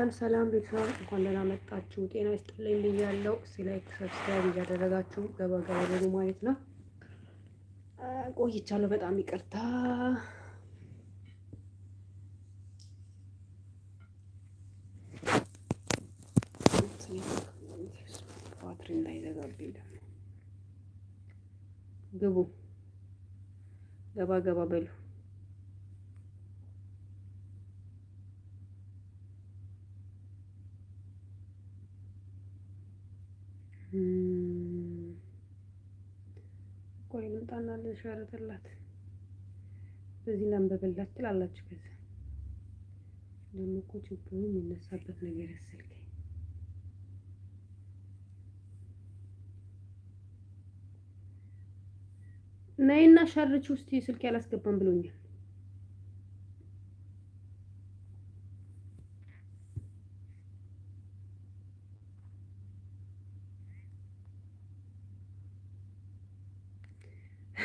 ሰላም ሰላም ቤተሰብ እንኳን ደህና መጣችሁ። ጤና ይስጥልኝ ብያለሁ። እስኪ ላይክ ሰብስክራይብ እያደረጋችሁ ገባ ገባ በሉ ማለት ነው። ቆይቻለሁ፣ በጣም ይቅርታ። ባትሪ እንዳይዘጋብኝ ደግሞ ግቡ፣ ገባ ገባ በሉ ቆይ እንውጣና ልሸርትላት በዚህ ላንበብላት ትላላችሁ። ከዛ ደግሞ እኮ ችግሩ የሚነሳበት ነገር ያስልከኝ ነይና ሸርች ውስጥ ስልክ ያላስገባም ብሎኛል።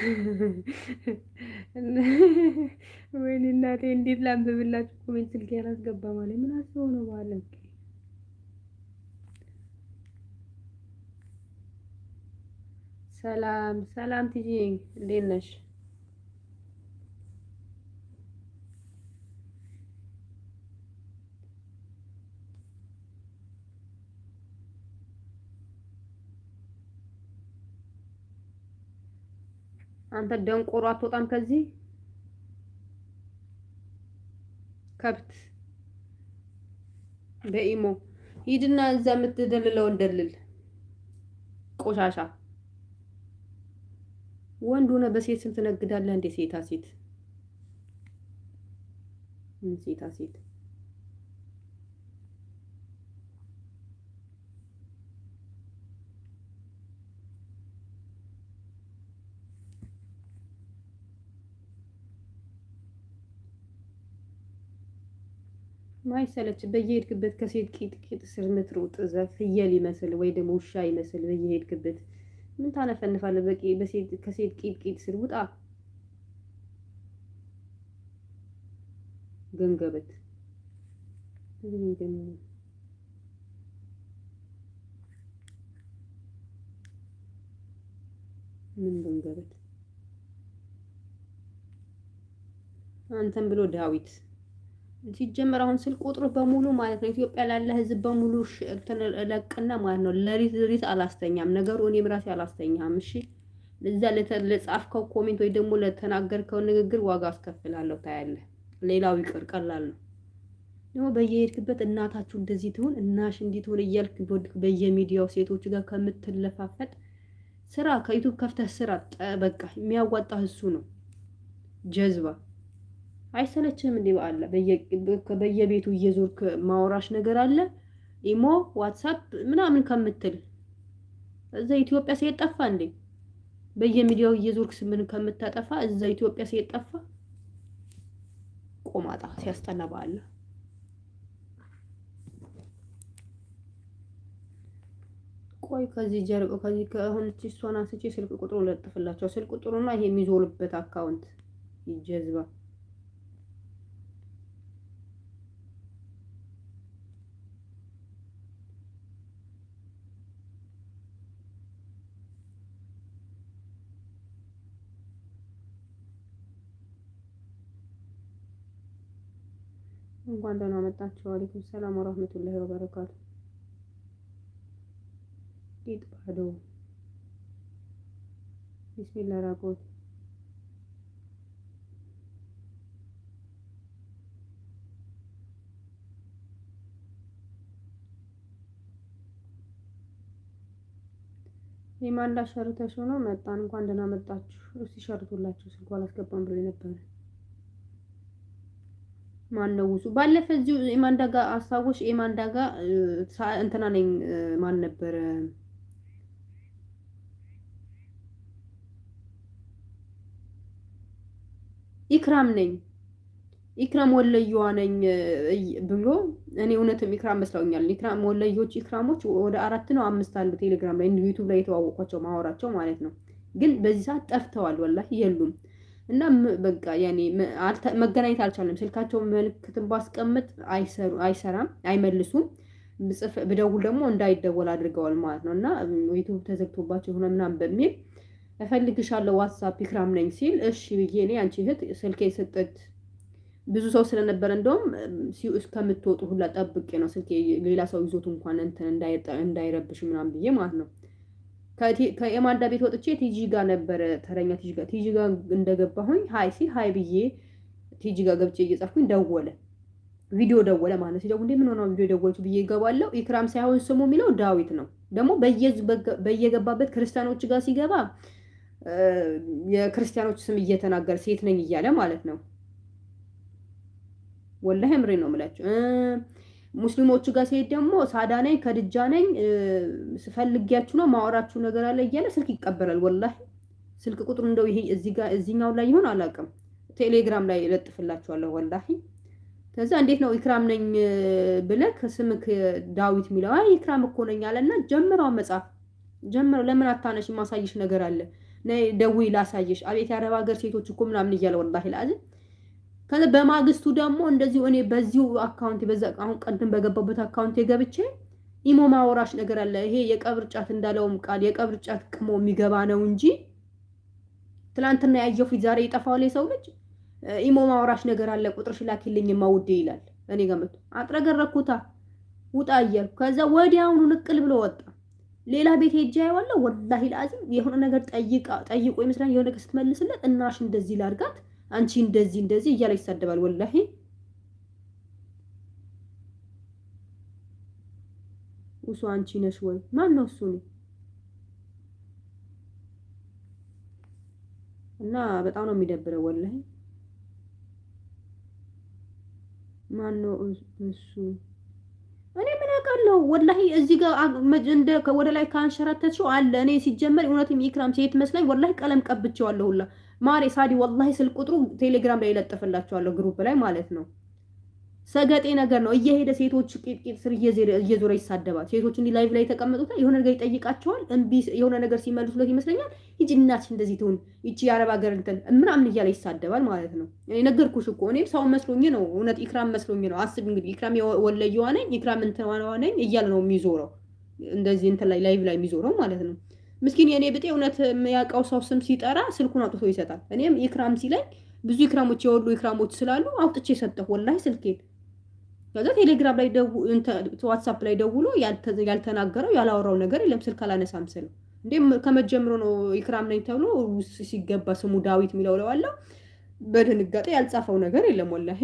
ወይኔ እናቴ እንዴት ላንብብላችሁ? ኮሜንት ስልክ ያላስገባ ማለት ምን አስበው ነው ማለት ሰላም ሰላም ትዬ እንዴት ነሽ? አንተ ደንቆሮ አትወጣም ከዚህ ከብት በኢሞ ሂድና እዛ የምትደልለውን ደልል። ቆሻሻ ወንድ ሆነ በሴት ስም ትነግዳለህ እንዴ? ሴታ ሴት ሴታ ሴት ማይሰለች በየሄድክበት ከሴት ቂጥ ቂጥ ስር ምትሮጥ ፍየል ይመስል ወይ ደግሞ ውሻ ይመስል በየሄድክበት ምን ታነፈንፋለህ? ከሴት ቂጥ ቂጥ ስር ውጣ ገንገበት። ምን ገንገበት አንተን ብሎ ዳዊት ሲጀመር አሁን ስል ቁጥሩ በሙሉ ማለት ነው ኢትዮጵያ ላለ ህዝብ በሙሉ ለቅና ማለት ነው። ለሪት ሪት አላስተኛም ነገሩ እኔም ራሴ አላስተኛም። እሺ ለዛ ለጻፍከው ኮሜንት ወይ ደግሞ ለተናገርከው ንግግር ዋጋ አስከፍላለሁ። ታያለህ። ሌላው ይቅር ቀላል ነው። ደግሞ በየሄድክበት እናታችሁ እንደዚህ ትሁን እናሽ እንዲህ ትሁን እያልክ በየሚዲያው ሴቶች ጋር ከምትለፋፈጥ ስራ ከዩቱብ ከፍተህ ስራ በቃ የሚያዋጣህ እሱ ነው ጀዝባ አይሰለችህም እንዲ በአላ በየቤቱ እየዞርክ ማውራሽ ነገር አለ ኢሞ ዋትሳፕ ምናምን ከምትል እዛ ኢትዮጵያ ሴት ጠፋ እንዴ? በየሚዲያው እየዞርክ ስምን ከምታጠፋ እዛ ኢትዮጵያ ሴት ጠፋ። ቆማጣ ሲያስጠላ በአላ ቆይ ከዚህ ጀርባ ከዚህ ከአሁን እሷን አንስቼ ስልክ ቁጥሩ ለጥፍላቸው። ስልክ ቁጥሩና ይሄ የሚዞርበት አካውንት ይጀዝባ እንኳን ደህና መጣችሁ። አለይኩም ሰላም ወራህመቱላሂ ወበረካቱ። ቂጥ ባዶ ቢስሚላህ ራቆት የማን ሸርተሽ ሆኖ መጣን። እንኳን ደህና መጣችሁ። እስቲ ሸርቱላችሁ ስልኳ አላስገባም ብሎ ነበረ ማነው ውሱ ባለፈ እዚሁ ኤማንዳ ጋር አስታወሽ ኤማንዳ ጋር እንትና ነኝ ማን ነበረ ኢክራም ነኝ ኢክራም ወለየዋ ነኝ ብሎ እኔ እውነትም ኢክራም መስለውኛል። ኢክራም ወለዮች ኢክራሞች ወደ አራት ነው አምስት አሉ ቴሌግራም ላይ ዩቱብ ላይ የተዋወቋቸው ማወራቸው ማለት ነው። ግን በዚህ ሰዓት ጠፍተዋል፣ ወላሂ የሉም። እና በቃ ያኔ መገናኘት አልቻለም። ስልካቸው መልክትን ባስቀምጥ አይሰራም፣ አይመልሱም። ብደውል ደግሞ እንዳይደወል አድርገዋል ማለት ነው። እና ዩቱብ ተዘግቶባቸው የሆነ ምናምን በሚል እፈልግሻለሁ ዋትሳፕ ኢክራም ነኝ ሲል እሺ ብዬ እኔ አንቺ እህት ስልኬ ስጥት ብዙ ሰው ስለነበረ እንደውም እስከምትወጡ ሁላ ጠብቄ ነው ስልኬ ሌላ ሰው ይዞት እንኳን እንትን እንዳይረብሽ ምናምን ብዬ ማለት ነው። ከኤማንዳ ቤት ወጥቼ ቲጂ ጋር ነበረ ተረኛ ቲጂ ጋር ቲጂ ጋር እንደገባሁኝ ሀይ ሲል ሀይ ብዬ ቲጂ ጋር ገብቼ እየጻፍኩኝ ደወለ። ቪዲዮ ደወለ ማለት ሲደው እንዴ ምን ሆነው ቪዲዮ ደወለች ብዬ ይገባለሁ። ኢክራም ሳይሆን ስሙ የሚለው ዳዊት ነው። ደግሞ በየገባበት ክርስቲያኖች ጋር ሲገባ የክርስቲያኖች ስም እየተናገረ ሴት ነኝ እያለ ማለት ነው። ወላሂ እምሬ ነው የምላቸው ሙስሊሞቹ ጋር ሲሄድ ደግሞ ሳዳ ነኝ ከድጃ ነኝ ስፈልጊያችሁ ነው ማወራችሁ ነገር አለ እያለ ስልክ ይቀበላል። ወላ ስልክ ቁጥሩ እንደው ይሄ እዚህኛው ላይ ይሆን አላውቅም። ቴሌግራም ላይ እለጥፍላችኋለሁ። ወላ ከዛ እንዴት ነው ኢክራም ነኝ ብለህ ከስምክ ዳዊት የሚለው አይ ኢክራም እኮ ነኝ አለና ጀምረው መጽሐፍ ጀምረው ለምን አታነሽ? ማሳየሽ ነገር አለ ነይ ደውይ ላሳየሽ። አቤት የአረብ ሀገር ሴቶች እኮ ምናምን እያለ ወላ ላዝን ከዛ በማግስቱ ደግሞ እንደዚሁ እኔ በዚሁ አካውንት በዛ አሁን ቀድም በገባበት አካውንት የገብቼ ኢሞ ማወራሽ ነገር አለ። ይሄ የቀብር ጫት እንዳለውም ቃል የቀብር ጫት ቅሞ የሚገባ ነው እንጂ ትላንትና ያየፉት ዛሬ ይጠፋው ላይ ሰው ልጅ ኢሞ ማወራሽ ነገር አለ፣ ቁጥርሽ ላኪልኝ ማውዴ ይላል። እኔ ገመቱ አጥረገረኩታ ውጣ እያልኩ ከዛ ወዲያውኑ ንቅል ብሎ ወጣ። ሌላ ቤት ሄጄ አየዋለሁ። ወላሂ ለአዚም የሆነ ነገር ጠይቃ ጠይቆ ይመስላል የሆነ ነገር ስትመልስለት እናሽ እንደዚህ ላርጋት አንቺ እንደዚህ እንደዚህ እያለ ይሳደባል። ወላሂ እሱ አንቺ ነሽ ወይ ማን ነው እሱ እና በጣም ነው የሚደብረው ወላሂ። ማን ነው እሱ? እኔ ምን አውቃለሁ ወላሂ። እዚህ ጋር እንደ ወደ ላይ ካንሸራተትሽው አለ። እኔ ሲጀመር እውነትም ኢክራም ሴት መስላኝ ወላሂ ቀለም ቀብቼዋለሁ ሁላ ማሬ ሳዲ ወላሂ ስልክ ቁጥሩ ቴሌግራም ላይ ለጠፈላችኋለሁ ግሩፕ ላይ ማለት ነው። ሰገጤ ነገር ነው። እየሄደ ሴቶች ቂጥቂጥ ስር እየዞረ ይሳደባል። ሴቶች እንዲህ ላይቭ ላይ የተቀመጡት የሆነ ነገር ይጠይቃቸዋል። እምቢ የሆነ ነገር ሲመልሱለት ይመስለኛል ይቺ እናትሽ እንደዚህ ትሁን ይቺ የአረብ ሀገር እንትን ምናምን እያለ ይሳደባል ማለት ነው። እኔ ነገርኩሽ እኮ እኔም ሰው መስሎኝ ነው እውነት ኢክራም መስሎኝ ነው። አስብ እንግዲህ ኢክራም ወለየዋ ነኝ ኢክራም እንትዋ ነኝ እያለ ነው የሚዞረው እንደዚህ እንትን ላይ ላይቭ ላይ የሚዞረው ማለት ነው። ምስኪን የእኔ ብጤ እውነት የሚያውቀው ሰው ስም ሲጠራ ስልኩን አውጥቶ ይሰጣል። እኔም ኢክራም ሲለኝ ብዙ ኢክራሞች የወሉ ኢክራሞች ስላሉ አውጥቼ ሰጠሁ ወላሂ ስልኬን። ከዛ ቴሌግራም ላይ ዋትሳፕ ላይ ደውሎ ያልተናገረው ያላወራው ነገር የለም። ስልክ አላነሳም ስል እንዴም ከመጀምሮ ነው ኢክራም ነኝ ተብሎ ሲገባ ስሙ ዳዊት የሚለው ለዋለው በድንጋጤ ያልጻፈው ነገር የለም ወላሂ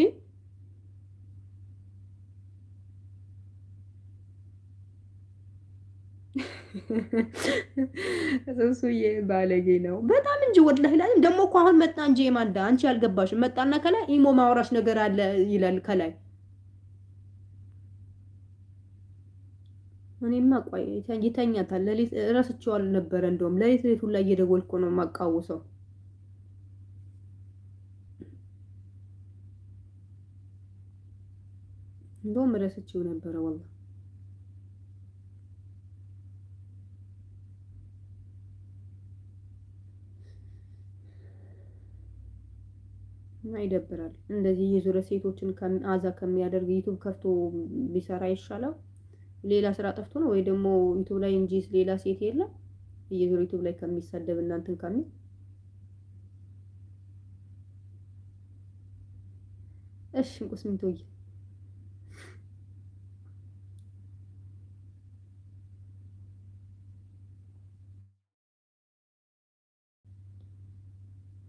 እሱዬ ባለጌ ነው በጣም እንጂ ወላሂ ላይ ደግሞ እኮ አሁን መጣ እንጂ የማንዳ አንቺ ያልገባሽ መጣና ከላይ ኢሞ ማውራሽ ነገር አለ ይላል ከላይ። እኔማ ቆይ ይተኛታል። ሌሊት እረስቸዋል ነበረ እንደውም ሌሊት ሌሊት ላይ እየደወልኩ ነው የማቃውሰው። እንደውም እረስቼው ነበረ ወላ እና ይደብራል። እንደዚህ የዞረ ሴቶችን አዛ ከሚያደርግ ዩቱብ ከፍቶ ቢሰራ ይሻላል። ሌላ ስራ ጠፍቶ ነው ወይ ደግሞ ዩቱብ ላይ እንጂ ሌላ ሴት የለም እየዞረ ዩቱብ ላይ ከሚሳደብ እናንትን ከሚል እሺ እንቁስ እንቁስሚቶዬ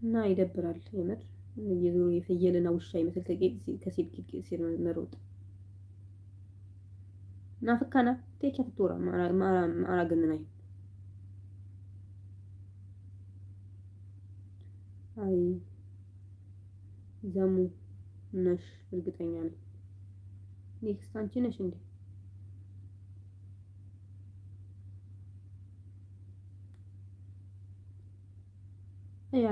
እና ይደብራል የምር የዞሩ የፍየልና ውሻ ይመስል ተቄጥ ከሲል ቂጥ ሲል መሮጥ ናፍካና ቴቻ ትቶራ ማራገንናይ አይ ዘሙ ነሽ እርግጠኛ ነኝ። ኔክስት አንቺ ነሽ እንዴ?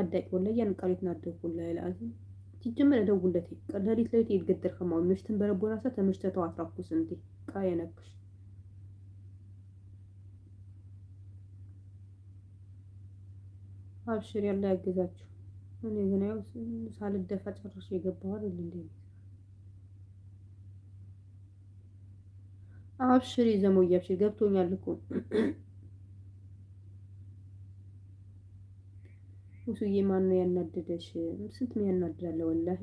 አዳቂውን ላይ ያን ቃሌት ናደጉላ ይላል ሲጀመር ደውለት ቀደሪት ላይ ይገደር ከማው ምሽትን በረቦራሳ ተምሽተተው አትራኩስ እንዴ ቃ የነክሽ አብሽር ያለ ያገዛችሁ እኔ ግን ያው ሳልደፋ ጨርሼ የገባሁ አይደል እንዴ አብሽሪ ዘመው እያብሽሪ ገብቶኛል እኮ ሙሱዬ ማን ነው ያናደደሽ? ስንት ነው ያናደዳለ? ወላሂ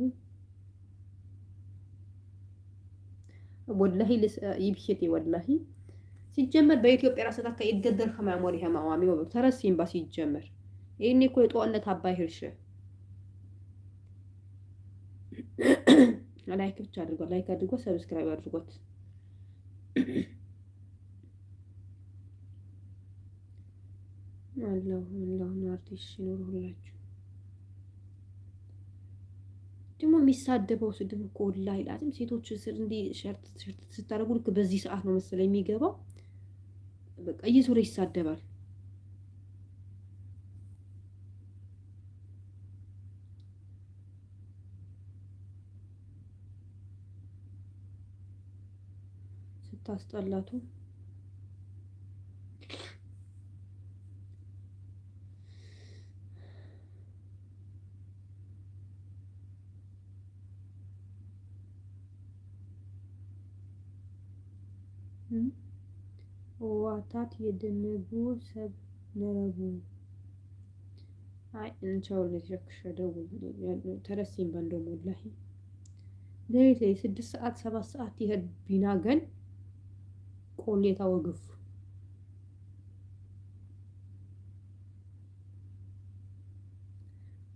ወላሂ ይብሽቴ ወላሂ ሲጀመር በኢትዮጵያ ራስ ተካ ይገደል ከማሞሪ ከማዋሚ ወብ ተረስ ኤምባሲ ሲጀመር ይሄኔ እኮ የጦርነት አባይ ህርሽ ላይክ ብቻ አድርጓ ላይክ አድርጓ ሰብስክራይብ አድርጓት። አለው ለሆነ አርቲስት ሲኖር ሁላችሁ ደግሞ የሚሳደበው ስድብ እኮ ላ ይላትም ሴቶች እንዲህ ሸርት ስታደርጉ ልክ በዚህ ሰዓት ነው መሰለኝ የሚገባው። በቃ እየዞረ ይሳደባል። ስታስጠላቱ እዋታት የደነጉ ሰብ ነረቡ አይ እንቻው ለጀክሽ ደውል ተረሲም ባለው ወላሂ ሌሊት ላይ ስድስት ሰዓት ሰባት ሰዓት ይሄድ ቢናገን ቆሌታ ወግፍ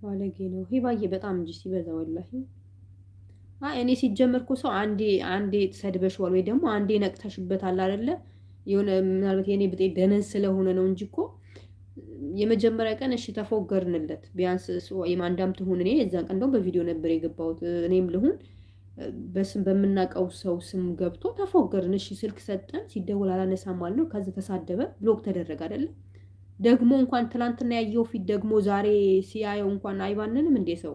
ባለጌ ነው ሂባዬ በጣም እንጂ ሲበዛ ወላሂ አይ እኔ ሲጀመርኩ ሰው አንዴ አንዴ ሰድበሽዋል ወይ ደግሞ አንዴ ነቅተሽበታል አይደለ? የሆነ ምናልባት የእኔ ብጤ ደነን ስለሆነ ነው እንጂ እኮ የመጀመሪያ ቀን እሺ ተፎገርንለት፣ ቢያንስ ወይም አንዳም ትሁን። እኔ የዛን ቀን እንደውም በቪዲዮ ነበር የገባሁት እኔም ልሁን በምናውቀው ሰው ስም ገብቶ ተፎገርን። እሺ ስልክ ሰጠን፣ ሲደውል አላነሳም ማለት ነው። ከዚ ተሳደበ፣ ብሎክ ተደረገ አይደለም። ደግሞ እንኳን ትላንትና ያየው ፊት ደግሞ ዛሬ ሲያየው እንኳን አይባንንም እንዴ ሰው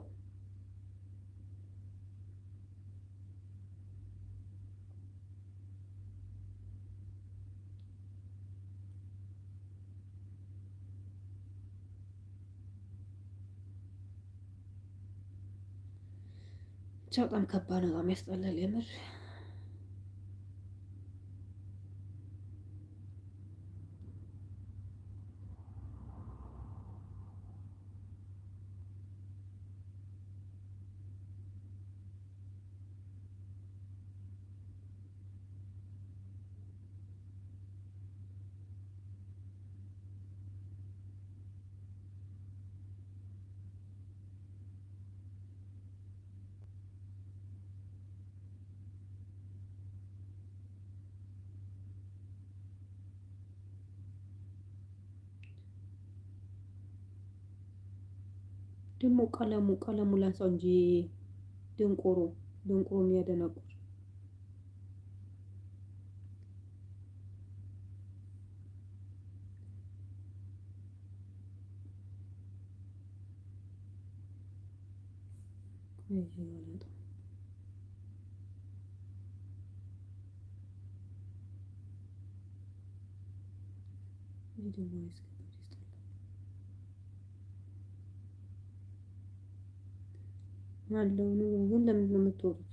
ብቻ በጣም ከባድ ነው። በጣም ያስጠላል የምር ደግሞ ቀለሙ ቀለሙ ላንሳው እንጂ ድንቁሩ ድንቁሩ የሚያደነቁር ይህ ደግሞ አለው ነው። ግን ለምንድን ነው የምትወጡት?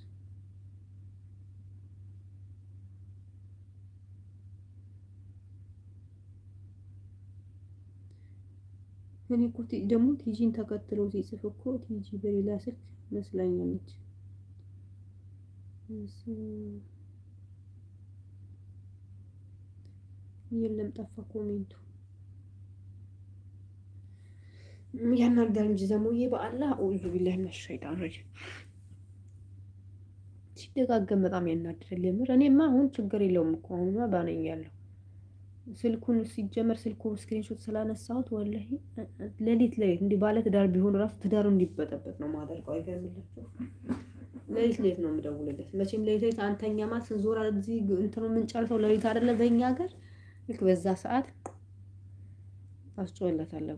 እኔ እኮ ደግሞ ቲጂን ተከትሎ ሲጽፍ እኮ ቲጂ በሌላ ስልክ መስላኛለች። የለም ጠፋ ኮሜንቱ ያናግዳል እንጂ ዘሙዬ በአላህ አዑዙ ቢላህ ሚነ ሸይጣን ረጂም ሲደጋገም በጣም ያናድዳል። የምር እኔማ አሁን ችግር የለውም እኮ አሁንማ ባነኝ ያለው ስልኩን ሲጀመር ስልኩ ስክሪንሾት ስላነሳሁት ወላሂ ሌሊት ሌሊት እንዲህ ባለ ትዳር ቢሆን ራሱ ትዳሩ እንዲበጠበጥ ነው ማደርገው። አይገርምላችሁ ሌሊት ሌሊት ነው የምደውልለት። መቼም ሌሊት ሌሊት አንተኛ ማለት ስንዞር እዚህ እንትኑ የምንጨርሰው ሌሊት አይደለ በእኛ ሀገር ልክ በዛ ሰዓት አስጮህለታለሁ።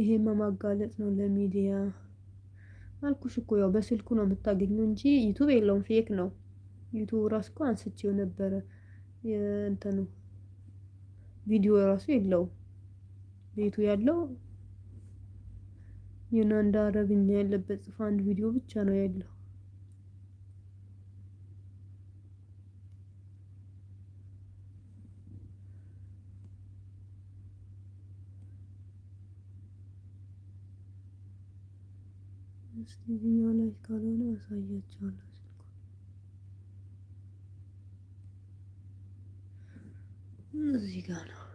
ይሄማ ማጋለጥ ነው ለሚዲያ አልኩሽ እኮ ያው በስልኩ ነው የምታገኘው እንጂ ዩቱብ የለውም። ፌክ ነው ዩቱብ ራሱ እኮ አንስቼው ነበረ። እንትኑ ቪዲዮ ራሱ የለውም። ቤቱ ያለው የሆነ አረብኛ ያለበት ጽሑፍ አንድ ቪዲዮ ብቻ ነው ያለው። ውስጥ የትኛው ላይ ካልሆነ አሳያቸዋለሁ። ስልኩ እዚህ ጋር ነው።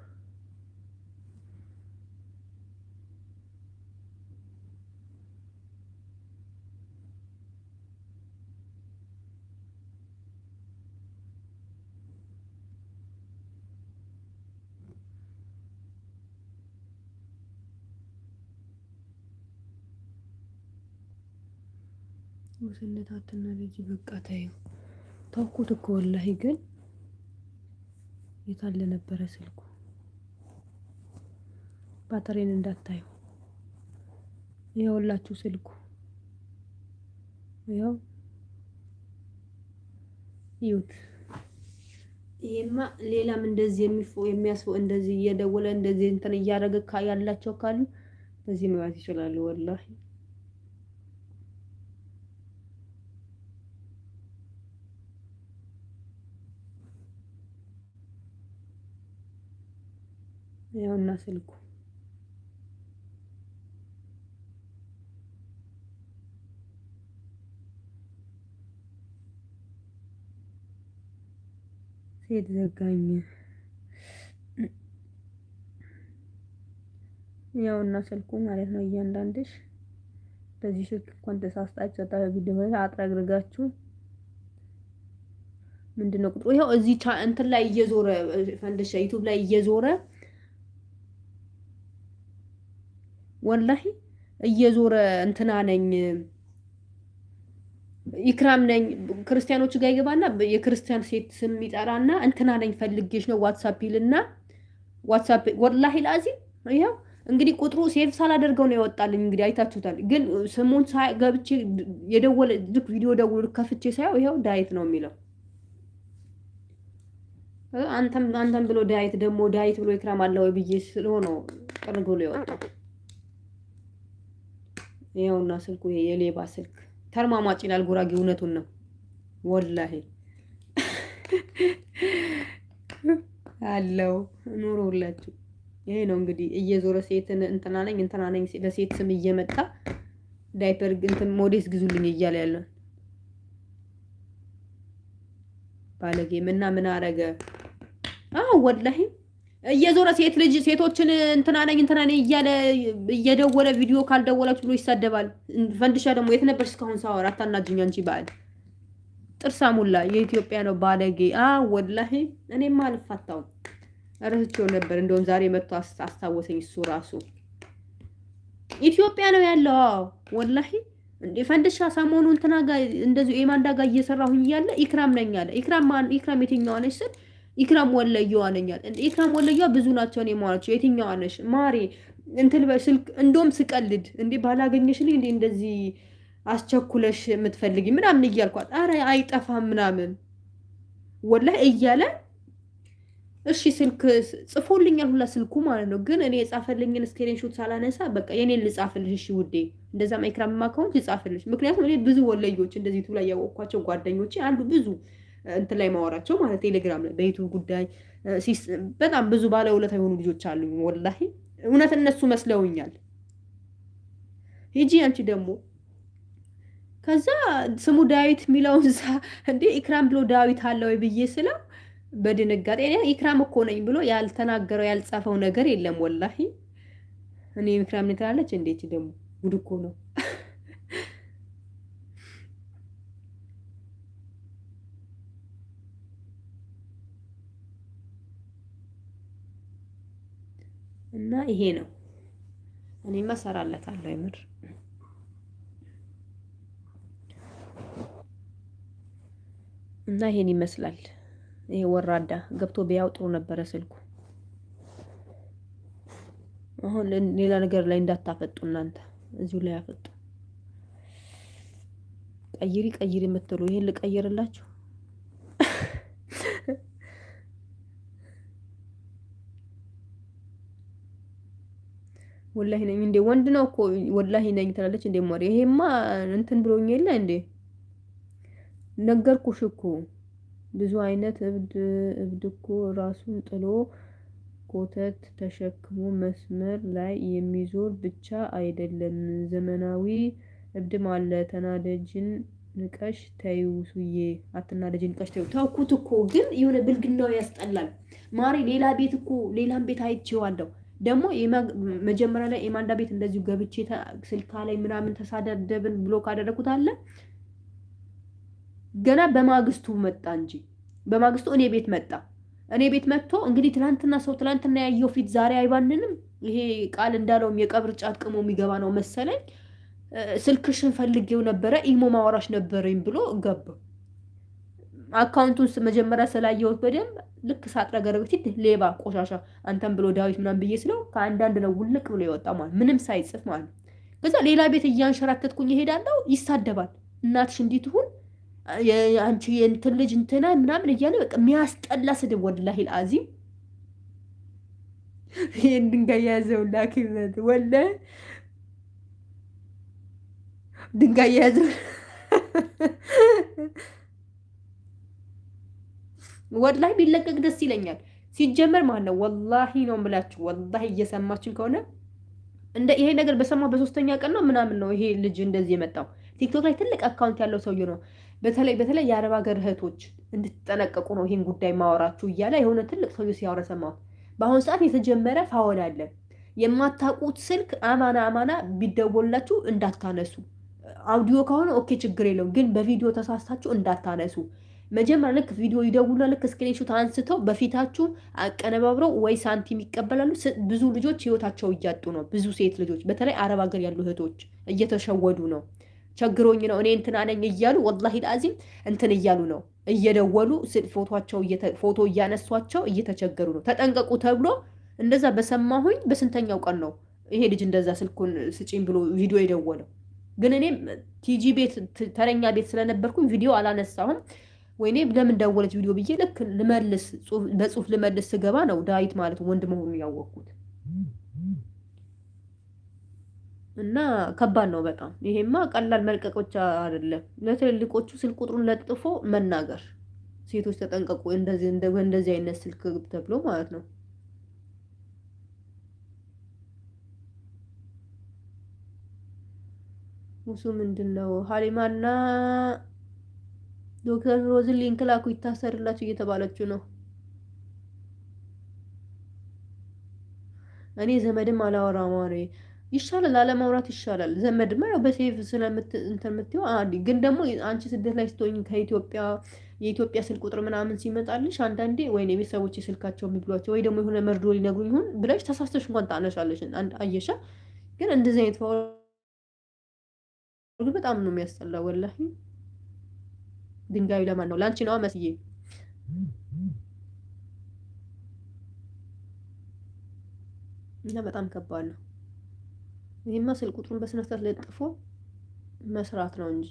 ሙስነት አትናደጂ በቃ ተይው። ተውኩት እኮ ወላሂ ግን የታለ ነበረ ስልኩ? ባትሬን እንዳታዩ ይኸውላችሁ ስልኩ ይኸው ይዩት። ይሄማ ሌላም እንደዚህ የሚፎ የሚያስፎ እንደዚህ እየደወለ እንደዚህ እንትን እያደረገ ያላቸው ካሉ በዚህ መባት ይችላሉ ወላሂ ስልኩ ሴት ዘጋኝ። ያው እና ስልኩ ማለት ነው። እያንዳንድሽ በዚህ ስልክ እንኳን ተሳስጣችሁ ቪዲዮ ማለት አጥራግርጋችሁ ምንድነው ቁጥሩ? ይኸው እዚህ እንትን ላይ እየዞረ ፈንደሻ ዩቲዩብ ላይ እየዞረ ወላሂ እየዞረ እንትና ነኝ ኢክራም ነኝ ክርስቲያኖቹ ጋር ይገባና የክርስቲያን ሴት ስም ይጠራና እንትና ነኝ ፈልጌሽ ነው ዋትሳፕ ይልና ዋትሳፕ ወላሂ ላዚ ይኸው እንግዲህ ቁጥሩ ሴፍ ሳላደርገው ነው ይወጣልኝ። እንግዲህ አይታችሁታል። ግን ስሙን ገብቼ የደወለ ልክ ቪዲዮ ደውሎ ከፍቼ ሳየው ይኸው ዳይት ነው የሚለው። አንተም አንተም ብሎ ዳይት ደግሞ ዳይት ብሎ ኢክራም አለ ወይ ብዬ ስለሆነ ቅርብ ብሎ ይወጣል። ይኸውና ስልኩ ይሄ የሌባ ስልክ ተርማማጭ ይላል ጉራጌ። እውነቱን ነው ወላሂ አለው ኑሮ ሁላችሁ ይሄ ነው እንግዲህ እየዞረ ሴትን እንትና ነኝ እንትና ነኝ ለሴት ስም እየመጣ ዳይፐር እንትን ሞዴስ ግዙልኝ እያለ ያለ ባለጌ ምና ምን አረገ? አዎ ወላሂ እየዞረ ሴት ልጅ ሴቶችን እንትና ነኝ እንትና ነኝ እያለ እየደወለ ቪዲዮ ካልደወላችሁ ብሎ ይሳደባል። ፈንድሻ ደግሞ የት ነበርሽ እስካሁን ሳወር አታናጅኝ አንቺ በዓል ጥርሳ ሙላ የኢትዮጵያ ነው ባለጌ። ወላሂ እኔማ አልፋታውም ረስቼው ነበር። እንደውም ዛሬ መጥቶ አስታወሰኝ እሱ ራሱ ኢትዮጵያ ነው ያለው። ወላሂ እንደ ፈንድሻ ሰሞኑ እንትና ጋር እንደዚሁ ኤማንዳ ጋር እየሰራሁኝ እያለ ኢክራም ነኝ አለ። ኢክራም ኢክራም የትኛዋ ነች ስል ኢክራም ወለየዋ ነኛል። ኢክራም ወለየዋ ብዙ ናቸው። እኔ ማለች የትኛዋ ነሽ ማሬ እንትል በስልክ እንደውም ስቀልድ እንዴ ባላገኘሽ ልኝ እንዴ እንደዚህ አስቸኩለሽ የምትፈልጊ ምናምን እያልኳት አረ አይጠፋም ምናምን ወላ እያለ እሺ ስልክ ጽፎልኛል ሁላ ስልኩ ማለት ነው። ግን እኔ የጻፈልኝን ስክሪንሾት ሳላነሳ በቃ የኔን ልጻፍልሽ እሺ ውዴ፣ እንደዛም ኢክራም ማካውንት ልጻፍልሽ። ምክንያቱም እኔ ብዙ ወለዮች እንደዚህ ቱ ላይ ያወቅኳቸው ጓደኞቼ አሉ ብዙ እንትን ላይ ማወራቸው ማለት ቴሌግራም ላይ በዩቱብ ጉዳይ በጣም ብዙ ባለ ውለታ የሆኑ ልጆች አሉ። ወላሂ እውነት እነሱ መስለውኛል። ሂጂ አንቺ ደግሞ ከዛ ስሙ ዳዊት የሚለውን ዛ እንዴ ኢክራም ብሎ ዳዊት አለ ወይ ብዬ ስለው በድንጋጤ ኢክራም እኮ ነኝ ብሎ ያልተናገረው ያልጻፈው ነገር የለም። ወላሂ እኔ ኢክራም ትላለች። እንዴት ደግሞ ጉድ እኮ ነው። ይሄ ነው። እኔማ እሰራለታለሁ የምር እና ይሄን ይመስላል። ይሄ ወራዳ ገብቶ ቢያው ጥሩ ነበረ ስልኩ። አሁን ሌላ ነገር ላይ እንዳታፈጡ እናንተ እዚሁ ላይ አፈጡ። ቀይሪ ቀይሪ የምትሉ ይሄን ልቀይርላችሁ ወላሂ ነኝ እንዴ ወንድ ነው እኮ ወላሂ ነኝ ትላለች። እንዴ ማሪ ይሄማ እንትን ብሎኝ የለ እንዴ ነገርኩሽ እኮ ብዙ አይነት እብድ እብድ እኮ ራሱን ጥሎ ኮተት ተሸክሞ መስመር ላይ የሚዞር ብቻ አይደለም፣ ዘመናዊ እብድም አለ። ተናደጅን ንቀሽ ተይው ሱዬ፣ አትናደጅን ንቀሽ ተይው። ተውኩት እኮ ግን የሆነ ብልግናው ያስጠላል ማሪ። ሌላ ቤት እኮ ሌላም ቤት አይቼዋለሁ ደግሞ መጀመሪያ ላይ የማንዳ ቤት እንደዚሁ ገብቼ ስልካ ላይ ምናምን ተሳደደብን ብሎ ካደረኩት አለ ገና በማግስቱ መጣ እንጂ በማግስቱ እኔ ቤት መጣ። እኔ ቤት መጥቶ እንግዲህ ትናንትና ሰው ትናንትና ያየው ፊት ዛሬ አይባንንም። ይሄ ቃል እንዳለውም የቀብር ጫት ቅሞ የሚገባ ነው መሰለኝ። ስልክሽን ፈልጌው ነበረ ኢሞ ማወራሽ ነበረኝ ብሎ ገባ። አካውንቱን መጀመሪያ ስላየሁት በደንብ ልክ ሳጥረገረበት ሂድ ሌባ ቆሻሻ አንተም ብሎ ዳዊት ምናም ብዬ ስለው ከአንዳንድ ነው ውልቅ ብሎ የወጣ ማለት ምንም ሳይጽፍ ማለት ነው። ከዛ ሌላ ቤት እያንሸራተትኩኝ ይሄዳለው ይሳደባል። እናትሽ እንዲት ሁን አንቺ የእንትን ልጅ እንትና ምናምን እያለ በቃ የሚያስጠላ ስድብ ወላሂ አዚም ይህን ድንጋይ የያዘውን ላክነት ወለ ድንጋይ የያዘውን ላይ ቢለቀቅ ደስ ይለኛል። ሲጀመር ማለት ነው ወላሂ ነው የምላችሁ። ወላሂ እየሰማችን ከሆነ እንደ ይሄ ነገር በሰማሁ በሶስተኛ ቀን ነው ምናምን ነው ይሄ ልጅ እንደዚህ የመጣው። ቲክቶክ ላይ ትልቅ አካውንት ያለው ሰውዬ ነው። በተለይ በተለይ የአረብ ሀገር እህቶች እንድትጠነቀቁ ነው ይህን ጉዳይ ማወራችሁ እያለ የሆነ ትልቅ ሰውዬ ሲያወራ ሰማሁት። በአሁኑ ሰዓት የተጀመረ ፋወል አለ። የማታውቁት ስልክ አማና አማና ቢደወላችሁ እንዳታነሱ። አውዲዮ ከሆነ ኦኬ ችግር የለውም፣ ግን በቪዲዮ ተሳስታችሁ እንዳታነሱ። መጀመሪያ ልክ ቪዲዮ ይደውሉና ልክ ስክሪንሾት አንስተው በፊታችሁ አቀነባብረው ወይ ሳንቲም ይቀበላሉ። ብዙ ልጆች ህይወታቸው እያጡ ነው። ብዙ ሴት ልጆች በተለይ አረብ ሀገር ያሉ እህቶች እየተሸወዱ ነው። ቸግሮኝ ነው እኔ እንትን አለኝ እያሉ ወላሂ ላዚም እንትን እያሉ ነው። እየደወሉ ፎቶቸው ፎቶ እያነሷቸው እየተቸገሩ ነው። ተጠንቀቁ ተብሎ እንደዛ በሰማሁኝ በስንተኛው ቀን ነው ይሄ ልጅ እንደዛ ስልኩን ስጪኝ ብሎ ቪዲዮ የደወለው። ግን እኔም ቲጂ ቤት ተረኛ ቤት ስለነበርኩኝ ቪዲዮ አላነሳሁም። ወይኔ ለምን ደወለች ቪዲዮ ብዬ ልክ ልመልስ በጽሁፍ ልመልስ ስገባ ነው ዳዊት ማለት ወንድ መሆኑን ያወቅኩት። እና ከባድ ነው በጣም ይሄማ። ቀላል መልቀቅ ብቻ አይደለም። ለትልልቆቹ ስልክ ቁጥሩን ለጥፎ መናገር፣ ሴቶች ተጠንቀቁ፣ እንደዚህ አይነት ስልክ ተብሎ ማለት ነው። ሙሱ ምንድን ነው ሀሊማና ዶክተር ሮዝን ሊንክ ላኩ ይታሰርላችሁ እየተባለችው ነው። እኔ ዘመድም አላወራ አሬ ይሻላል፣ አለማውራት ይሻላል። ዘመድማ ያው በሴፍ ስለምትየው ግን ደግሞ አንቺ ስደት ላይ ስትሆኝ ከኢትዮጵያ የኢትዮጵያ ስልክ ቁጥር ምናምን ሲመጣልሽ አንዳንዴ ወይ ቤተሰቦች ስልካቸው የሚብሏቸው ወይ ደግሞ የሆነ መርዶ ሊነግሩኝ ይሁን ብለሽ ተሳስተሽ እንኳን ታነሻለሽ። አየሻ ግን እንደዚህ አይነት በጣም ነው የሚያስጠላ ወላሂ። ድንጋዩ ለማን ነው? ላንቺ ነዋ መስዬ። እና በጣም ከባድ ነው። ይህማ ስልክ ቁጥሩን በስነ ስርዓት ለጥፎ መስራት ነው እንጂ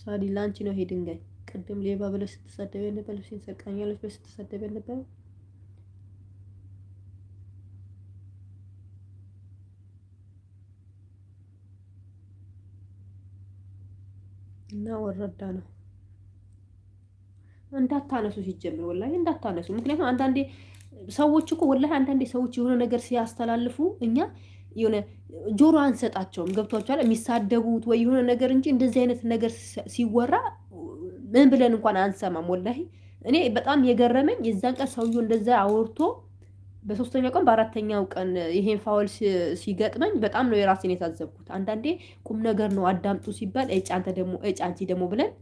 ሳዲ ላንቺ ነው ይሄ ድንጋይ። ቅድም ሌባ ብለሽ ስትሰደብ የነበረ ሴት፣ ሰቃኛለች ብለሽ ወረዳ ነው። እንዳታነሱ ሲጀምር ወላሂ እንዳታነሱ። ምክንያቱም አንዳንዴ ሰዎች እኮ ወላሂ አንዳንዴ ሰዎች የሆነ ነገር ሲያስተላልፉ እኛ የሆነ ጆሮ አንሰጣቸውም። ገብቷቸዋል የሚሳደቡት ወይ የሆነ ነገር እንጂ እንደዚህ አይነት ነገር ሲወራ ምን ብለን እንኳን አንሰማም። ወላሂ እኔ በጣም የገረመኝ የዛን ቀን ሰውዬው እንደዛ አውርቶ በሶስተኛው ቀን በአራተኛው ቀን ይሄን ፋውል ሲገጥመኝ በጣም ነው የራሴን የታዘብኩት። አንዳንዴ ቁም ነገር ነው አዳምጡ ሲባል እጭ አንተ ደግሞ እጭ አንቺ ደግሞ ብለን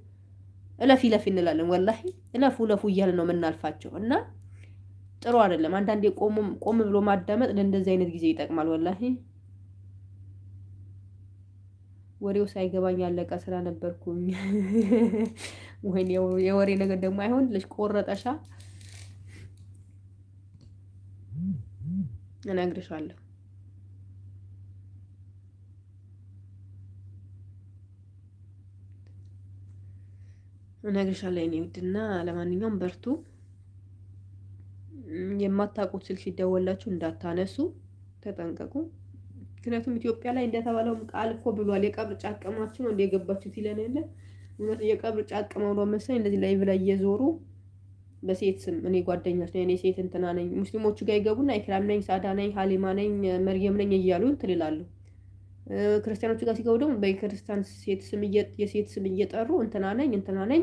እለፊ ለፊ እንላለን። ወላሂ እለፉ ለፉ እያል ነው የምናልፋቸው እና ጥሩ አይደለም። አንዳንዴ ቆም ብሎ ማዳመጥ ለእንደዚህ አይነት ጊዜ ይጠቅማል። ወላሂ ወሬው ሳይገባኝ ያለቀ ስራ ነበርኩኝ። ወይ የወሬ ነገር ደግሞ አይሆን ልጅ ቆረጠሻ እነግርሻለሁ። እነግርሻለሁ የእኔ ውድና፣ ለማንኛውም በርቱ። የማታውቁት ስልክ ሲደወላችሁ እንዳታነሱ፣ ተጠንቀቁ። ምክንያቱም ኢትዮጵያ ላይ እንደተባለውም ቃል እኮ ብሏል። የቀብር ጫቅማችሁ ነው እንደ የገባችሁት ይለን የለ እውነት የቀብር ጫቅመው ነው መሰለኝ እንደዚህ ላይቭ ላይ እየዞሩ በሴት ስም እኔ ጓደኛች ነኝ፣ እኔ ሴት እንትና ነኝ፣ ሙስሊሞቹ ጋር ይገቡና ኢክራም ነኝ፣ ሳዳ ነኝ፣ ሀሊማ ነኝ፣ መርየም ነኝ እያሉ ትልላሉ። ክርስቲያኖቹ ጋር ሲገቡ ደግሞ በክርስቲያን የሴት ስም እየጠሩ እንትና ነኝ እንትና ነኝ፣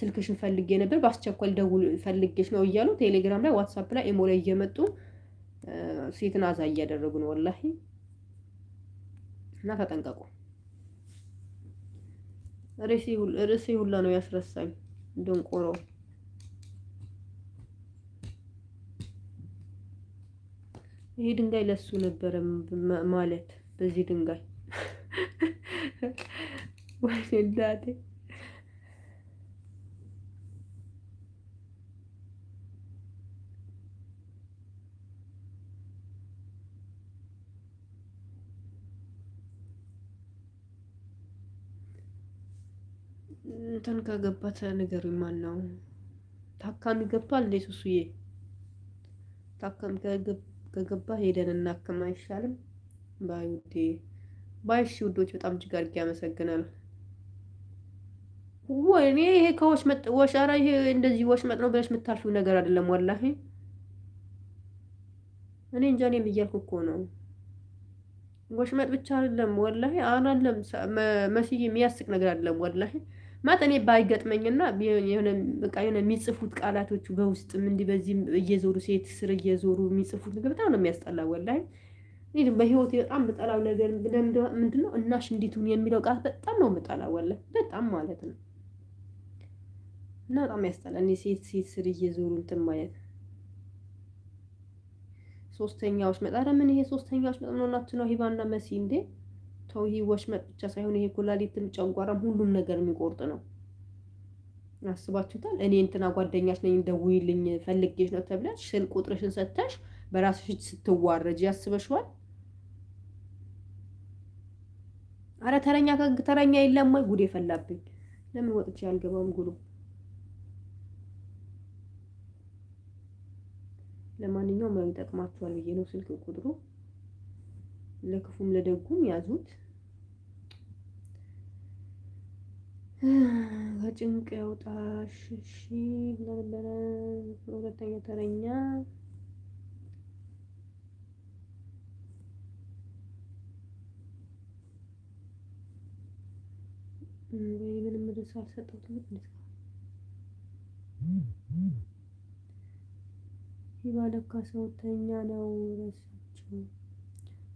ስልክሽን ፈልጌ ነበር፣ በአስቸኳይ ደውል ፈልጌሽ ነው እያሉ ቴሌግራም ላይ ዋትሳፕ ላይ ኢሞ ላይ እየመጡ ሴትን አዛ እያደረጉ ነው። ወላሂ እና ተጠንቀቁ። ርዕሴ ሁላ ነው ያስረሳኝ ድንቆሮ ይሄ ድንጋይ ለሱ ነበረ ማለት በዚህ ድንጋይ ወይ ወዳቴ እንትን ከገባት ነገር ማን ነው ታካሚ ገባ እንዴ? ሱሱዬ ታካሚ ከገብ ከገባ ሄደን እናክም አይሻልም? ባይ ውዴ ባይ ሺ ውዶች በጣም እጅግ አድርጌ ያመሰግናል። ወይኔ ይሄ ከወሽመጥ ወሻራ ይሄ እንደዚህ ወሽመጥ ነው ብለሽ የምታልፊው ነገር አይደለም። ወላሂ እኔ እንጃ እኔም እያልኩ እኮ ነው። ወሽመጥ ብቻ አይደለም ወላሂ አላለም መሲህ የሚያስቅ ነገር አይደለም ወላሂ ማለት እኔ ባይገጥመኝና የሆነ በቃ የሆነ የሚጽፉት ቃላቶቹ በውስጥም እንዲህ በዚህ እየዞሩ ሴት ስር እየዞሩ የሚጽፉት ነገር በጣም ነው የሚያስጠላ። ወላይ ይህ በህይወት በጣም ምጠላው ነገር ምንድነው እናሽ እንዲቱን የሚለው ቃል በጣም ነው ምጠላ። ወለ በጣም ማለት ነው እና በጣም ያስጠላ። እኔ ሴት ሴት ስር እየዞሩ እንትን ማለት ሶስተኛዎች መጣ ኧረ ምን ይሄ ሶስተኛዎች መጣ ነው እናት ነው ሂባና መሲ እንዴ ተው ይህ ወሽመጥ ብቻ ሳይሆን ይሄ ኩላሊትም ጨንጓራም ሁሉም ነገር የሚቆርጥ ነው። አስባችሁታል? እኔ እንትና ጓደኛሽ ነኝ ደውይልኝ ፈልጌሽ ነው ተብለሽ ስልክ ቁጥርሽን ሰጥተሽ በራስሽ ስትዋረጅ ያስበሽዋል። አረ ተረኛ ተረኛ የለም ወይ? ጉድ ፈላብኝ ለምን ወጥቼ አልገባም? ጉሉ ለማንኛውም ያው ይጠቅማችኋል ብዬ ነው ስልክ ቁጥሩ። ለክፉም ለደጉም ያዙት። ከጭንቅ ያውጣሽ። እሺ ብለን ነበረ። ሁለተኛ ተረኛ ምንም ርዕስ አልሰጠሁትም። ለካ ሶስተኛ ነው ረሳችው።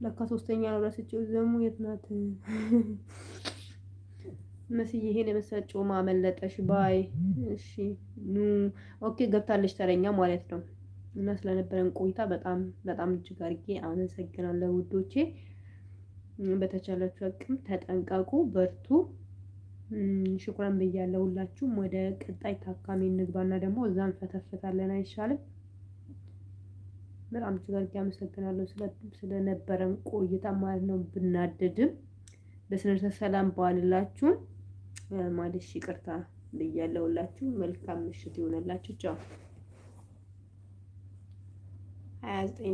ለካ ሶስተኛ ነው ረሳችው። ዘሙ የት ናት? መስዬ ይሄን የመሰለ ጮማ መለጠሽ ባይ። እሺ ኑ ኦኬ፣ ገብታለች ተረኛ ማለት ነው። እና ስለነበረን ቆይታ በጣም በጣም እጅግ አድርጌ አመሰግናለሁ ውዶቼ። በተቻላችሁ አቅም ተጠንቀቁ፣ በርቱ። ሽኩራን ብያለሁ ሁላችሁም። ወደ ቀጣይ ታካሚ እንግባና ደግሞ እዛ እንፈተፍታለን። አይሻልም? በጣም እጅግ አድርጌ አመሰግናለሁ ስለነበረን ቆይታ ማለት ነው። ብናደድም በስነ ሰላም ባልላችሁም በማልሽ ይቅርታ ብያለሁላችሁ። መልካም ምሽት ይሆነላችሁ። ቻው 29